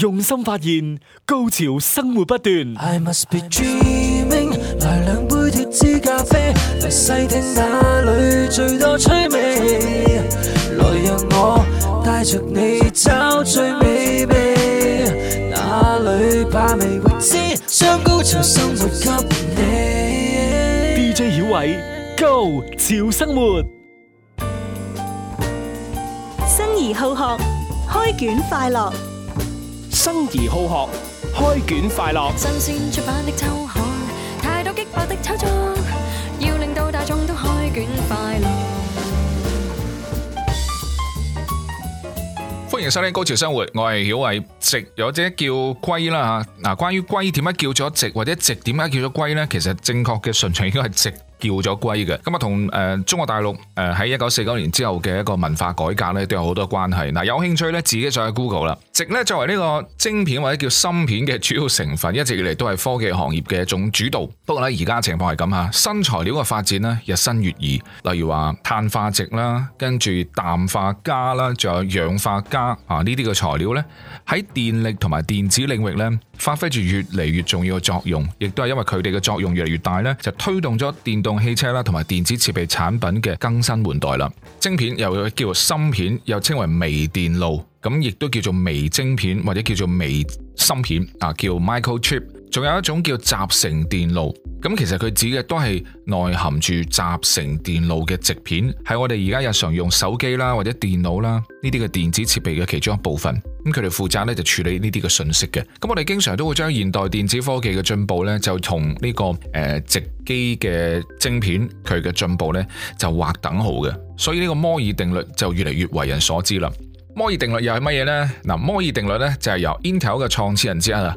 用心發現高潮生活不斷。I must be dreaming，來兩杯脫脂咖啡，來細聽哪裏最多趣味。來讓我帶着你找最美味，哪裏怕味未會知。將高潮生活給你。DJ 曉偉，高潮生活。生而好學，開卷快樂。生而好學，開卷快樂。新鮮出版的《秋海》，太多激烈的炒作，要令到大眾都開卷快樂。歡迎收聽《高潮生活》，我係曉慧。直有隻叫龜啦嚇，嗱，關於龜點解叫咗直，或者直點解叫咗龜呢？其實正確嘅順序應該係直。叫咗歸嘅，咁啊同誒中國大陸誒喺一九四九年之後嘅一個文化改革咧都有好多關係。嗱、呃，有興趣咧自己再去 Google 啦。矽咧作為呢個晶片或者叫芯片嘅主要成分，一直以嚟都係科技行業嘅一種主導。不過咧而家情況係咁吓，新材料嘅發展咧日新月異。例如話碳化矽啦，跟住氮化鎵啦，仲有氧化鎵啊呢啲嘅材料咧喺電力同埋電子領域咧發揮住越嚟越重要嘅作用，亦都係因為佢哋嘅作用越嚟越大咧，就推動咗電動。用汽車啦，同埋電子設備產品嘅更新換代啦，晶片又叫做芯片，又稱為微電路，咁亦都叫做微晶片或者叫做微芯片啊，叫 microchip。Ch 仲有一種叫集成電路，咁其實佢指嘅都係內含住集成電路嘅直片，係我哋而家日常用手機啦或者電腦啦呢啲嘅電子設備嘅其中一部分。咁佢哋負責咧就處理呢啲嘅信息嘅。咁我哋經常都會將現代電子科技嘅進步咧就同呢、呢個誒積、呃、機嘅晶片佢嘅進步咧就劃等號嘅。所以呢個摩爾定律就越嚟越為人所知啦。摩爾定律又係乜嘢呢？嗱，摩爾定律咧就係由 Intel 嘅創始人之一啊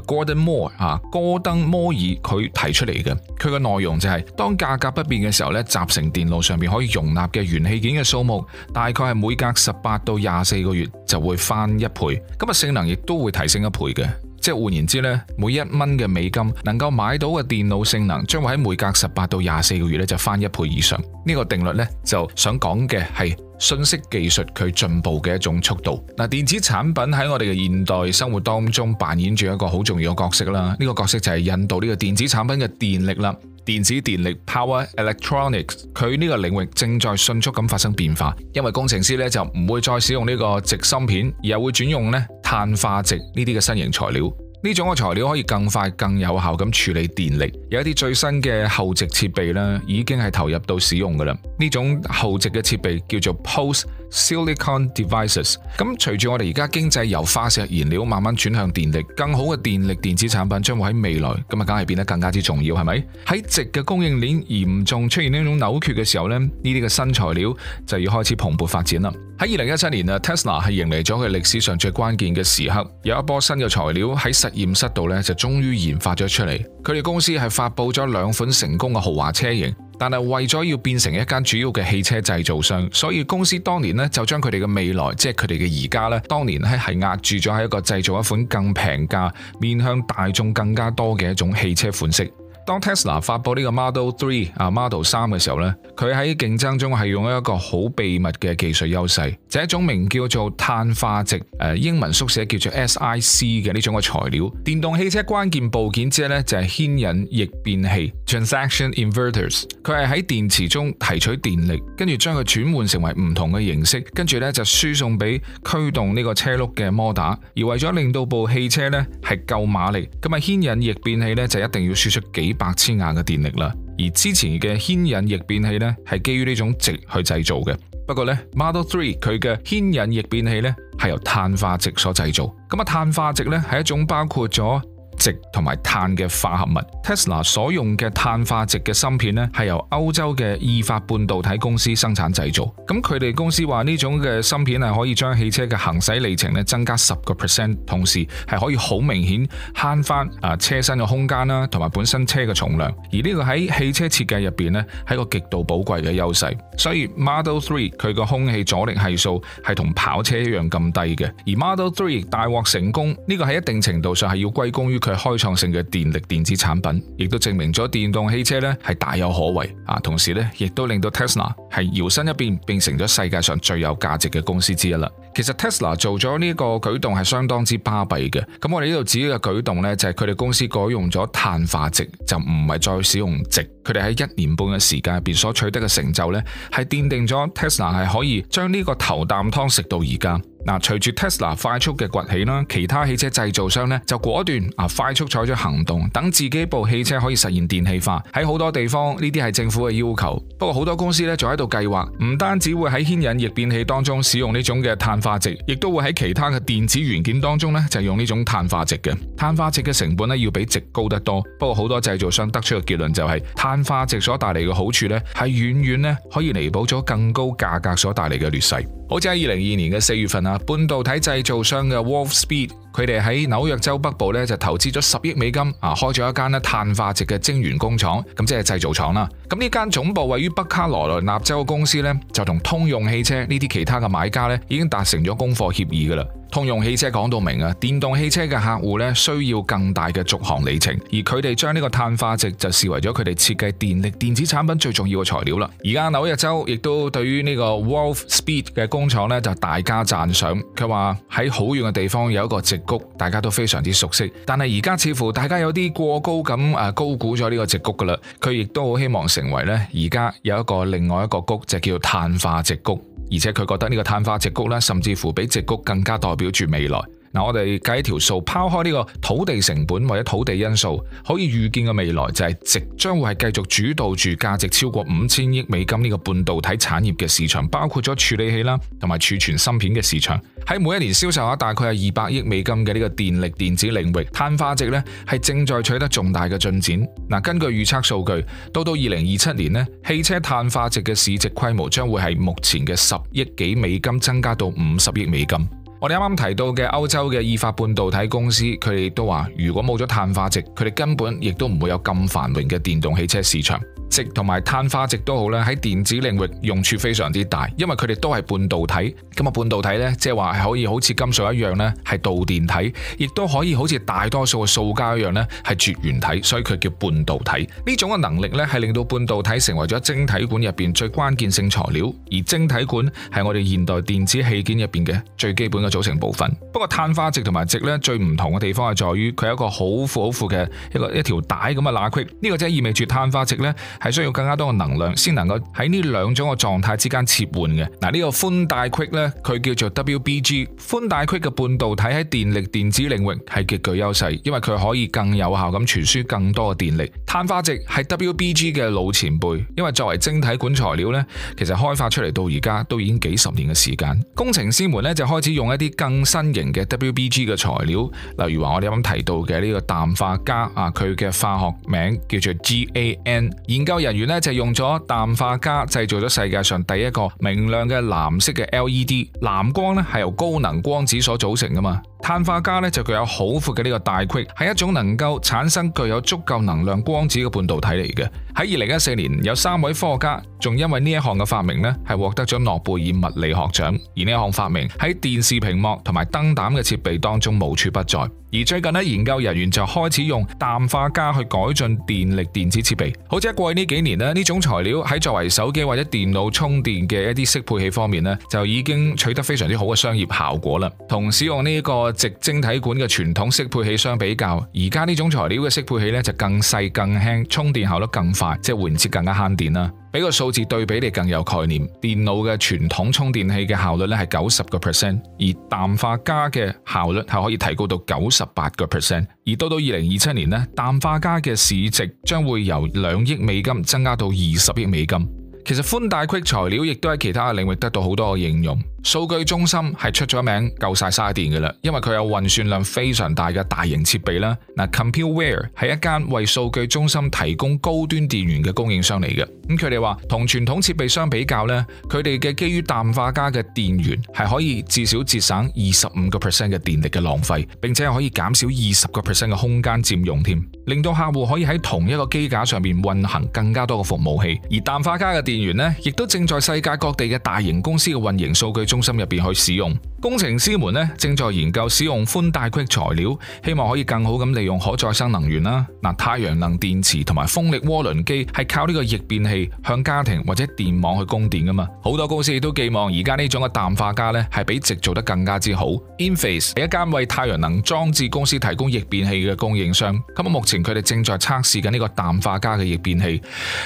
，Gordon Moore 誒，戈登摩啊，戈登摩爾佢提出嚟嘅。佢嘅內容就係、是，當價格不變嘅時候咧，集成電路上邊可以容納嘅元器件嘅數目，大概係每隔十八到廿四個月就會翻一倍，咁啊性能亦都會提升一倍嘅。即係換言之咧，每一蚊嘅美金能夠買到嘅電腦性能，將會喺每隔十八到廿四個月咧就翻一倍以上。呢、這個定律咧就想講嘅係。信息技術佢進步嘅一種速度，嗱，電子產品喺我哋嘅現代生活當中扮演住一個好重要嘅角色啦。呢、這個角色就係引導呢個電子產品嘅電力啦，電子電力 （power electronics）。佢呢個領域正在迅速咁發生變化，因為工程師呢就唔會再使用呢個矽芯片，而會轉用呢碳化矽呢啲嘅新型材料。呢種材料可以更快、更有效咁處理電力，有一啲最新嘅後置設備已經係投入到使用㗎喇。呢種後置嘅設備叫做 Pulse Silicon devices，咁隨住我哋而家經濟由化石燃料慢慢轉向電力，更好嘅電力電子產品將會喺未來，咁啊，梗係變得更加之重要，係咪？喺直嘅供應鏈嚴，嚴重出現呢種扭曲嘅時候咧，呢啲嘅新材料就要開始蓬勃發展啦。喺二零一七年啊，Tesla 係迎嚟咗佢歷史上最關鍵嘅時刻，有一波新嘅材料喺實驗室度呢，就終於研發咗出嚟，佢哋公司係發布咗兩款成功嘅豪華車型。但係為咗要變成一間主要嘅汽車製造商，所以公司當年呢就將佢哋嘅未來，即係佢哋嘅而家呢，當年咧係壓住咗喺一個製造一款更平價、面向大眾更加多嘅一種汽車款式。當 Tesla 發布呢個 Model Three 啊 Model 三嘅時候呢佢喺競爭中係用一個好秘密嘅技術優勢，係、就是、一種名叫做碳化值」（誒英文縮寫叫做 SIC 嘅呢種嘅材料。電動汽車關鍵部件之一呢，就係牽引逆變器 t r a n s a c t i o n inverters），佢係喺電池中提取電力，跟住將佢轉換成為唔同嘅形式，跟住呢就輸送俾驅動呢個車轆嘅摩打。而為咗令到部汽車呢係夠馬力，咁啊牽引逆變器呢就一定要輸出幾。百千瓦嘅電力啦，而之前嘅牽引逆變器呢係基於呢種值去製造嘅，不過呢 Model Three 佢嘅牽引逆變器呢係由碳化值所製造，咁碳化值呢係一種包括咗。矽同埋碳嘅化合物，Tesla 所用嘅碳化矽嘅芯片咧，係由歐洲嘅意法半導體公司生產製造。咁佢哋公司話呢種嘅芯片係可以將汽車嘅行駛里程咧增加十個 percent，同時係可以好明顯慳翻啊車身嘅空間啦，同埋本身車嘅重量。而呢個喺汽車設計入邊咧，係一個極度寶貴嘅優勢。所以 Model Three 佢個空氣阻力係數係同跑車一樣咁低嘅，而 Model Three 大獲成功呢個喺一定程度上係要歸功於。佢開創性嘅電力電子產品，亦都證明咗電動汽車呢係大有可為啊！同時呢，亦都令到 Tesla 係搖身一變，變成咗世界上最有價值嘅公司之一啦。其實 Tesla 做咗呢一個舉動係相當之巴閉嘅。咁我哋呢度指嘅舉動呢，就係佢哋公司改用咗碳化矽，就唔係再使用矽。佢哋喺一年半嘅時間入邊所取得嘅成就呢，係奠定咗 Tesla 係可以將呢個頭啖湯食到而家。嗱，隨住 Tesla 快速嘅崛起啦，其他汽車製造商咧就果斷啊，快速採取行動，等自己部汽車可以實現電氣化。喺好多地方呢啲係政府嘅要求，不過好多公司咧仲喺度計劃，唔單止會喺牽引逆變器當中使用呢種嘅碳化矽，亦都會喺其他嘅電子元件當中咧就用呢種碳化矽嘅。碳化矽嘅成本咧要比矽高得多，不過好多製造商得出嘅結論就係、是、碳化矽所帶嚟嘅好處咧係遠遠咧可以彌補咗更高價格所帶嚟嘅劣勢。好似喺二零二二年嘅四月份啊，半導體製造商嘅 Wolf Speed，佢哋喺紐約州北部咧就投資咗十億美金啊，開咗一間咧碳化矽嘅晶圓工廠，咁即係製造廠啦。咁呢間總部位於北卡羅來納州嘅公司咧，就同通用汽車呢啲其他嘅買家咧已經達成咗供貨協議噶啦。通用汽車講到明啊，電動汽車嘅客戶咧需要更大嘅續航里程，而佢哋將呢個碳化矽就視為咗佢哋設計電力電子產品最重要嘅材料啦。而家紐約州亦都對於呢個 Wolf Speed 嘅工廠咧就大加讚賞，佢話喺好遠嘅地方有一個矽谷，大家都非常之熟悉，但係而家似乎大家有啲過高咁啊高估咗呢個矽谷噶啦。佢亦都好希望成為咧而家有一個另外一個谷，就叫碳化矽谷。而且佢覺得呢個探花植谷咧，甚至乎比植谷更加代表住未來。嗱，我哋計條數，拋開呢個土地成本或者土地因素，可以預見嘅未來就係、是，硅將會係繼續主導住價值超過五千億美金呢個半導體產業嘅市場，包括咗處理器啦，同埋儲存芯片嘅市場，喺每一年銷售額大概係二百億美金嘅呢個電力電子領域，碳化硅咧係正在取得重大嘅進展。嗱，根據預測數據，到到二零二七年呢，汽車碳化硅嘅市值規模將會係目前嘅十億幾美金增加到五十億美金。我哋啱啱提到嘅歐洲嘅意法半導體公司，佢哋都話：如果冇咗碳化矽，佢哋根本亦都唔會有咁繁榮嘅電動汽車市場。矽同埋碳化矽都好啦，喺電子領域用處非常之大，因為佢哋都係半導體。咁啊，半導體呢，即係話係可以好似金屬一樣呢，係導電體，亦都可以好似大多數嘅塑膠一樣呢，係絕緣體，所以佢叫半導體。呢種嘅能力呢，係令到半導體成為咗晶體管入邊最關鍵性材料。而晶體管係我哋現代電子器件入邊嘅最基本嘅組成部分。不過，碳化矽同埋矽呢，最唔同嘅地方係在於，佢係一個好闊好闊嘅一個一條帶咁嘅罅隙。呢個即係意味住碳化矽呢。係需要更加多嘅能量，先能夠喺呢兩種嘅狀態之間切換嘅。嗱、這個，呢個寬帶隙咧，佢叫做 WBG。寬帶隙嘅半導體喺電力電子領域係極具優勢，因為佢可以更有效咁傳輸更多嘅電力。碳化矽係 WBG 嘅老前輩，因為作為晶體管材料呢，其實開發出嚟到而家都已經幾十年嘅時間。工程師們呢，就開始用一啲更新型嘅 WBG 嘅材料，例如話我哋啱啱提到嘅呢個氮化鎵啊，佢嘅化學名叫做 GAN。研究人員呢，就用咗氮化鎵製造咗世界上第一個明亮嘅藍色嘅 LED，藍光呢係由高能光子所組成㗎嘛。碳化鎵咧就具有好闊嘅呢個帶隙，係一種能夠產生具有足夠能量光子嘅半導體嚟嘅。喺二零一四年，有三位科學家仲因為呢一項嘅發明咧係獲得咗諾貝爾物理學獎。而呢一項發明喺電視屏幕同埋燈膽嘅設備當中無處不在。而最近咧，研究人員就開始用氮化鎵去改進電力電子設備。好似過去呢幾年咧，呢種材料喺作為手機或者電腦充電嘅一啲適配器方面呢就已經取得非常之好嘅商業效果啦。同時用呢、這、一個個直晶體管嘅傳統適配器相比較，而家呢種材料嘅適配器呢就更細、更輕，充電效率更快，即係換接更加慳電啦。俾個數字對比你更有概念。電腦嘅傳統充電器嘅效率呢係九十個 percent，而氮化鎵嘅效率係可以提高到九十八個 percent。而到到二零二七年呢，氮化鎵嘅市值將會由兩億美金增加到二十億美金。其實寬帶隙材料亦都喺其他嘅領域得到好多嘅應用。數據中心係出咗名夠晒嘥電噶啦，因為佢有運算量非常大嘅大型設備啦。嗱那，Compute Ware 係一間為數據中心提供高端電源嘅供應商嚟嘅。咁佢哋話，同傳統設備相比較咧，佢哋嘅基於氮化鎵嘅電源係可以至少節省二十五個 percent 嘅電力嘅浪費，並且可以減少二十個 percent 嘅空間佔用添，令到客戶可以喺同一個機架上面運行更加多嘅服務器。而氮化鎵嘅電源呢，亦都正在世界各地嘅大型公司嘅運營數據中中心入邊去使用，工程師們咧正在研究使用寬帶隙材料，希望可以更好咁利用可再生能源啦。嗱，太陽能電池同埋風力渦輪機係靠呢個逆變器向家庭或者電網去供電噶嘛。好多公司都寄望而家呢種嘅氮化鎵咧，係比直做得更加之好。Inface 係一間為太陽能裝置公司提供逆變器嘅供應商。咁目前佢哋正在測試緊呢個氮化鎵嘅逆變器，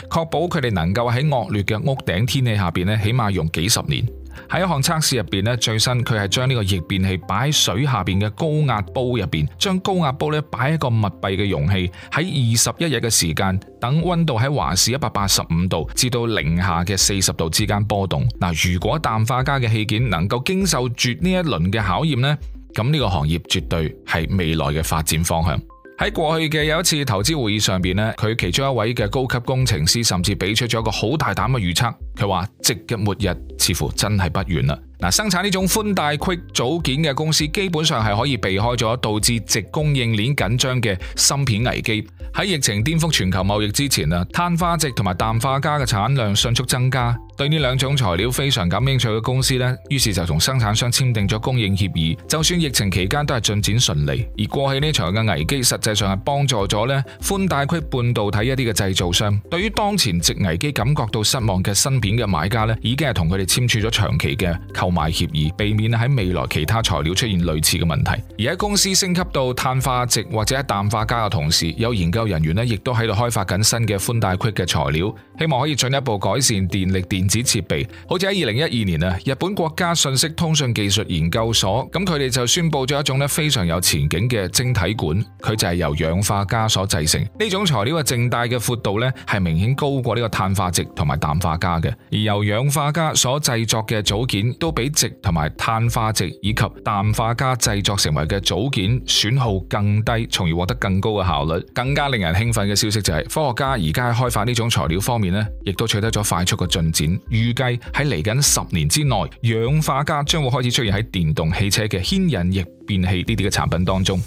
確保佢哋能夠喺惡劣嘅屋頂天氣下邊咧，起碼用幾十年。喺一項測試入邊咧，最新佢係將呢個逆變器擺喺水下邊嘅高壓煲入邊，將高壓煲咧擺喺個密閉嘅容器，喺二十一日嘅時間，等溫度喺華氏一百八十五度至到零下嘅四十度之間波動。嗱，如果氮化鎵嘅器件能夠經受住呢一輪嘅考驗呢，咁呢個行業絕對係未來嘅發展方向。喺過去嘅有一次投資會議上邊咧，佢其中一位嘅高級工程師甚至俾出咗一個好大膽嘅預測，佢話矽嘅末日似乎真係不遠啦。嗱，生產呢種寬帶隙組件嘅公司基本上係可以避開咗導致矽供應鏈緊張嘅芯片危機。喺疫情顛覆全球貿易之前啦，碳化矽同埋氮化鎵嘅產量迅速增加。對呢兩種材料非常感興趣嘅公司呢，於是就同生產商簽訂咗供應協議，就算疫情期間都係進展順利。而過去呢場嘅危機，實際上係幫助咗呢寬帶隙半導體一啲嘅製造商。對於當前值危機感覺到失望嘅芯片嘅買家呢已經係同佢哋簽署咗長期嘅購買協議，避免喺未來其他材料出現類似嘅問題。而喺公司升級到碳化矽或者係氮化鎵嘅同時，有研究人員呢亦都喺度開發緊新嘅寬帶隙嘅材料，希望可以進一步改善電力電子設備，好似喺二零一二年啊，日本國家信息通信技術研究所咁，佢哋就宣布咗一種咧非常有前景嘅晶體管，佢就係由氧化鎵所製成。呢種材料嘅正大嘅闊度咧係明顯高過呢個碳化矽同埋氮化鎵嘅，而由氧化鎵所製作嘅組件都比矽同埋碳化矽以及氮化鎵製作成為嘅組件損耗更低，從而獲得更高嘅效率。更加令人興奮嘅消息就係、是、科學家而家喺開發呢種材料方面呢，亦都取得咗快速嘅進展。預計喺嚟緊十年之內，氧化鎵將會開始出現喺電動汽車嘅牽引逆變器呢啲嘅產品當中。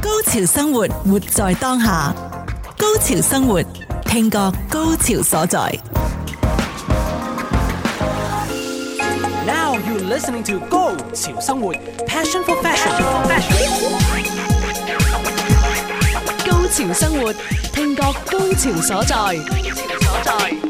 高潮生活，活在當下。高潮生活，聽覺高潮所在。Now you listening to 高潮生活，Passion for Fashion。ful 高潮生活，聽覺高潮所在。所在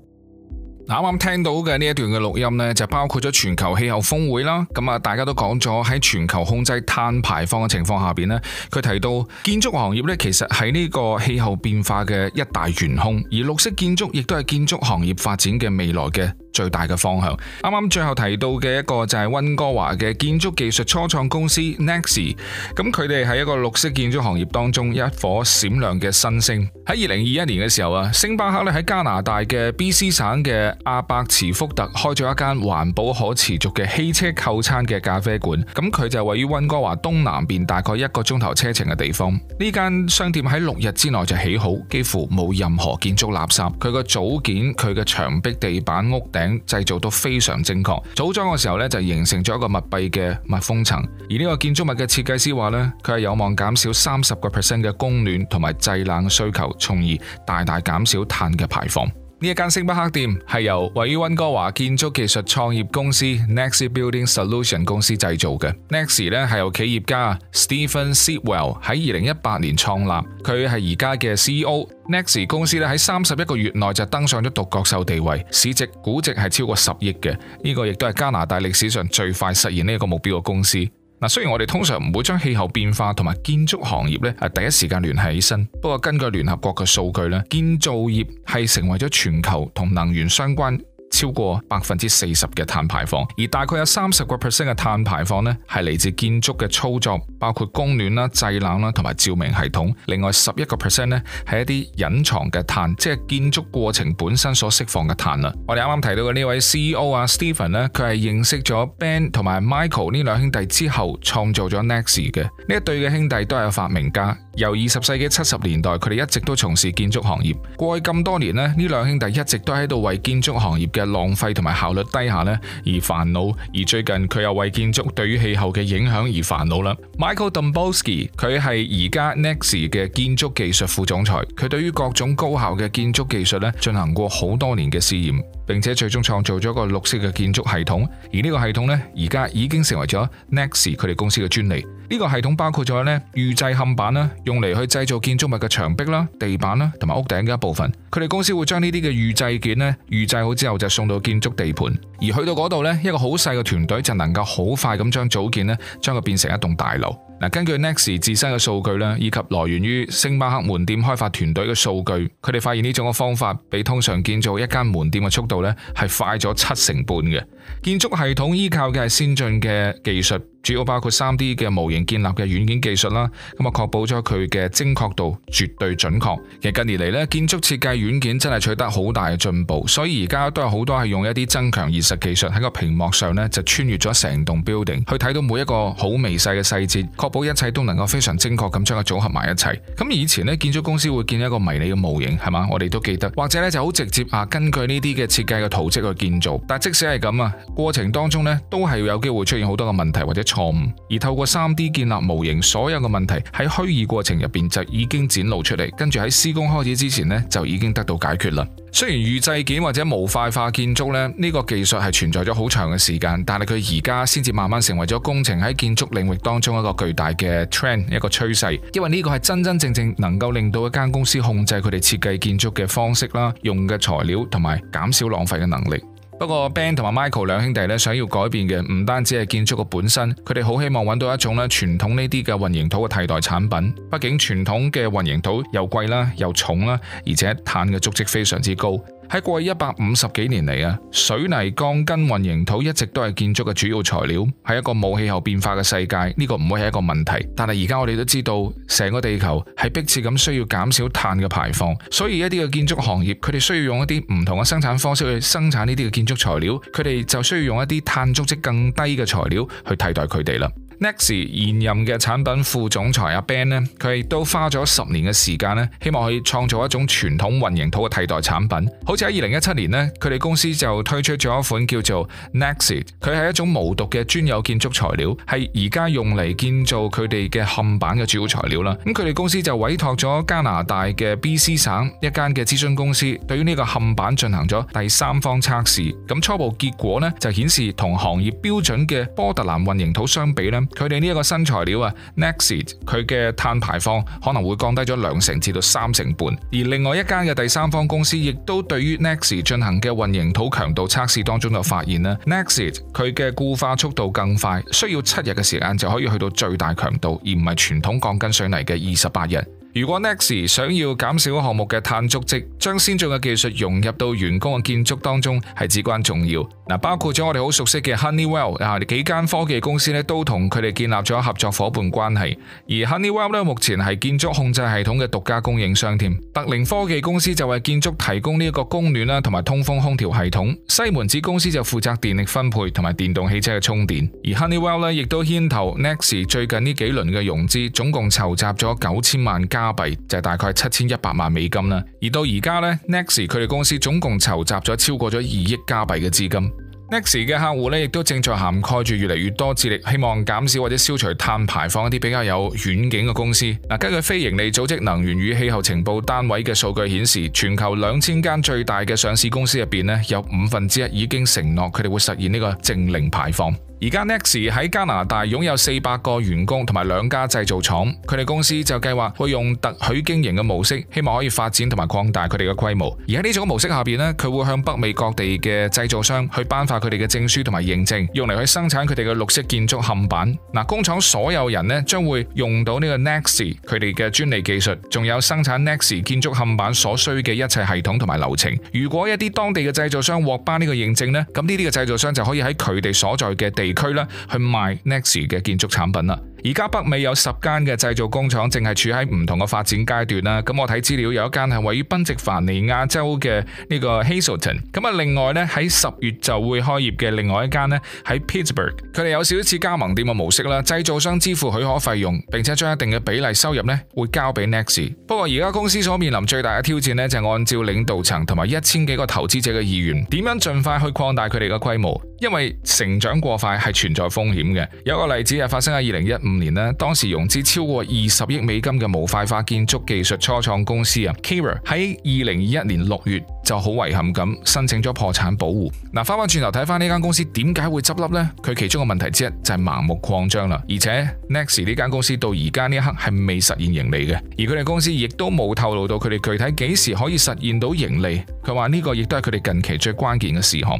啱啱聽到嘅呢一段嘅錄音呢，就包括咗全球氣候峰會啦。咁啊，大家都講咗喺全球控制碳排放嘅情況下邊呢，佢提到建築行業呢，其實係呢個氣候變化嘅一大元兇，而綠色建築亦都係建築行業發展嘅未來嘅最大嘅方向。啱啱最後提到嘅一個就係溫哥華嘅建築技術初創公司 Nexii，咁佢哋係一個綠色建築行業當中一顆閃亮嘅新星。喺二零二一年嘅時候啊，星巴克咧喺加拿大嘅 BC 省嘅阿伯茨福特開咗一間環保可持續嘅汽車購餐嘅咖啡館，咁佢就位於溫哥華東南邊大概一個鐘頭車程嘅地方。呢間商店喺六日之內就起好，幾乎冇任何建築垃圾。佢嘅組件、佢嘅牆壁、地板屋、屋頂。製造都非常正確，組裝嘅時候咧就形成咗一個密閉嘅密封層，而呢個建築物嘅設計師話呢，佢係有望減少三十個 percent 嘅供暖同埋製冷需求，從而大大減少碳嘅排放。呢一間星巴克店係由位於溫哥華建築技術創業公司 Nexii Building Solutions 公司製造嘅。Nexii 咧係由企業家 Stephen Sidwell 喺二零一八年創立，佢係而家嘅 CEO。Nexii 公司咧喺三十一個月內就登上咗獨角獸地位，市值估值係超過十億嘅，呢個亦都係加拿大歷史上最快實現呢一個目標嘅公司。嗱，雖然我哋通常唔會將氣候變化同埋建築行業咧第一時間聯繫起身，不過根據聯合國嘅數據咧，建造業係成為咗全球同能源相關。超過百分之四十嘅碳排放，而大概有三十個 percent 嘅碳排放呢係嚟自建築嘅操作，包括供暖啦、製冷啦同埋照明系統。另外十一個 percent 呢係一啲隱藏嘅碳，即係建築過程本身所釋放嘅碳啦。我哋啱啱提到嘅呢位 CEO 啊，Stephen 咧，佢係認識咗 Ben 同埋 Michael 呢兩兄弟之後創，創造咗 Nexii 嘅。呢一對嘅兄弟都係有發明家。由二十世紀七十年代，佢哋一直都從事建築行業。過去咁多年呢，呢兩兄弟一直都喺度為建築行業嘅。浪費同埋效率低下呢，而煩惱；而最近佢又為建築對於氣候嘅影響而煩惱啦。Michael Domboski，佢係而家 Next 嘅建築技術副總裁，佢對於各種高效嘅建築技術咧，進行過好多年嘅試驗。並且最終創造咗個綠色嘅建築系統，而呢個系統呢，而家已經成為咗 Next 佢哋公司嘅專利。呢、呢個系統包括咗呢預製嵌板啦，用嚟去製造建築物嘅牆壁啦、地板啦、同埋屋頂嘅一部分。佢哋公司會將呢啲嘅預製件呢預製好之後，就送到建築地盤，而去到嗰度呢，一個好細嘅團隊就能夠好快咁將組件呢，將佢變成一棟大樓。根據 Next 自身嘅數據咧，以及來源於星巴克門店開發團隊嘅數據，佢哋發現呢種嘅方法比通常建造一間門店嘅速度咧係快咗七成半嘅。建築系統依靠嘅係先進嘅技術。主要包括 3D 嘅模型建立嘅軟件技術啦，咁啊確保咗佢嘅精確度絕對準確。其實近年嚟咧，建築設計軟件真係取得好大嘅進步，所以而家都有好多係用一啲增強現實技術喺個屏幕上咧就穿越咗成棟 building 去睇到每一個好微細嘅細節，確保一切都能夠非常精確咁將佢組合埋一齊。咁以前咧，建築公司會建一個迷你嘅模型，係嘛？我哋都記得，或者咧就好直接啊，根據呢啲嘅設計嘅圖則去建造。但即使係咁啊，過程當中咧都係有機會出現好多嘅問題或者。錯誤，而透過 3D 建立模型，所有嘅問題喺虛擬過程入邊就已經展露出嚟，跟住喺施工開始之前呢，就已經得到解決啦。雖然預製件或者模塊化建築呢，呢、呢個技術係存在咗好長嘅時間，但係佢而家先至慢慢成為咗工程喺建築領域當中一個巨大嘅 trend，一個趨勢，因為呢個係真真正正能夠令到一間公司控制佢哋設計建築嘅方式啦、用嘅材料同埋減少浪費嘅能力。不過 Ben 同埋 Michael 兩兄弟咧，想要改變嘅唔單止係建築嘅本身，佢哋好希望揾到一種咧，傳統呢啲嘅混凝土嘅替代產品。畢竟傳統嘅混凝土又貴啦，又重啦，而且碳嘅足跡非常之高。喺過去一百五十幾年嚟啊，水泥、鋼筋、混凝土一直都係建築嘅主要材料，係一個冇氣候變化嘅世界，呢個唔會係一個問題。但係而家我哋都知道，成個地球係迫切咁需要減少碳嘅排放，所以一啲嘅建築行業，佢哋需要用一啲唔同嘅生產方式去生產呢啲嘅建築材料，佢哋就需要用一啲碳足跡更低嘅材料去替代佢哋啦。Nexi 現任嘅產品副總裁阿 Ben 咧，佢亦都花咗十年嘅時間咧，希望可以創造一種傳統混凝土嘅替代產品。好似喺二零一七年咧，佢哋公司就推出咗一款叫做 Nexi，佢係一種無毒嘅專有建築材料，係而家用嚟建造佢哋嘅冚板嘅主要材料啦。咁佢哋公司就委託咗加拿大嘅 BC 省一間嘅諮詢公司，對於呢個冚板進行咗第三方測試。咁初步結果呢，就顯示同行業標準嘅波特蘭混凝土相比咧，佢哋呢一個新材料啊，Nextit 佢嘅碳排放可能會降低咗兩成至到三成半，而另外一間嘅第三方公司亦都對於 Nextit 進行嘅混凝土強度測試當中就發現啦，Nextit 佢嘅固化速度更快，需要七日嘅時間就可以去到最大強度，而唔係傳統鋼筋水泥嘅二十八日。如果 Next 想要減少項目嘅碳足跡，將先進嘅技術融入到完工嘅建築當中係至關重要。嗱，包括咗我哋好熟悉嘅 Honeywell 啊，幾間科技公司咧都同佢哋建立咗合作伙伴關係。而 Honeywell 咧目前係建築控制系統嘅獨家供應商添。特靈科技公司就為建築提供呢一個供暖啦，同埋通風空調系統。西門子公司就負責電力分配同埋電動汽車嘅充電。而 Honeywell 咧亦都牽頭 Next 最近呢幾輪嘅融資，總共籌集咗九千萬家。加幣就係大概七千一百萬美金啦，而到而家呢，Next 佢哋公司總共籌集咗超過咗二億加幣嘅資金。Next 嘅客戶咧，亦都正在涵蓋住越嚟越多致力希望減少或者消除碳排放一啲比較有遠景嘅公司。嗱，根據非營利組織能源與氣候情報單位嘅數據顯示，全球兩千間最大嘅上市公司入邊呢，有五分之一已經承諾佢哋會實現呢個淨零排放。而家 Next 喺加拿大擁有四百個員工同埋兩家製造廠，佢哋公司就計劃會用特許經營嘅模式，希望可以發展同埋擴大佢哋嘅規模。而喺呢種模式下邊咧，佢會向北美各地嘅製造商去頒發佢哋嘅證書同埋認證，用嚟去生產佢哋嘅綠色建築冚板。嗱，工廠所有人咧將會用到呢個 Next 佢哋嘅專利技術，仲有生產 Next 建築冚板所需嘅一切系統同埋流程。如果一啲當地嘅製造商獲頒呢個認證咧，咁呢啲嘅製造商就可以喺佢哋所在嘅地。區咧去賣 Next 嘅建築產品啦。而家北美有十間嘅製造工廠，正係處喺唔同嘅發展階段啦。咁我睇資料，有一間係位於賓夕凡尼亞州嘅呢個 Hazleton。咁啊，另外呢，喺十月就會開業嘅另外一間呢，喺 Pittsburgh。佢哋有少少似加盟店嘅模式啦。製造商支付許可費用，並且將一定嘅比例收入呢會交俾 Nexi。不過而家公司所面臨最大嘅挑戰呢，就係按照領導層同埋一千幾個投資者嘅意願，點樣盡快去擴大佢哋嘅規模？因為成長過快係存在風險嘅。有個例子係發生喺二零一五。五年呢，當時融資超過二十億美金嘅模塊化建築技術初創公司啊，Kera 喺二零二一年六月，就好遺憾咁申請咗破產保護。嗱，翻翻轉頭睇翻呢間公司點解會執笠呢？佢其中嘅問題之一就係盲目擴張啦。而且 Next 呢間公司到而家呢一刻係未實現盈利嘅，而佢哋公司亦都冇透露到佢哋具體幾時可以實現到盈利。佢話呢個亦都係佢哋近期最關鍵嘅事項。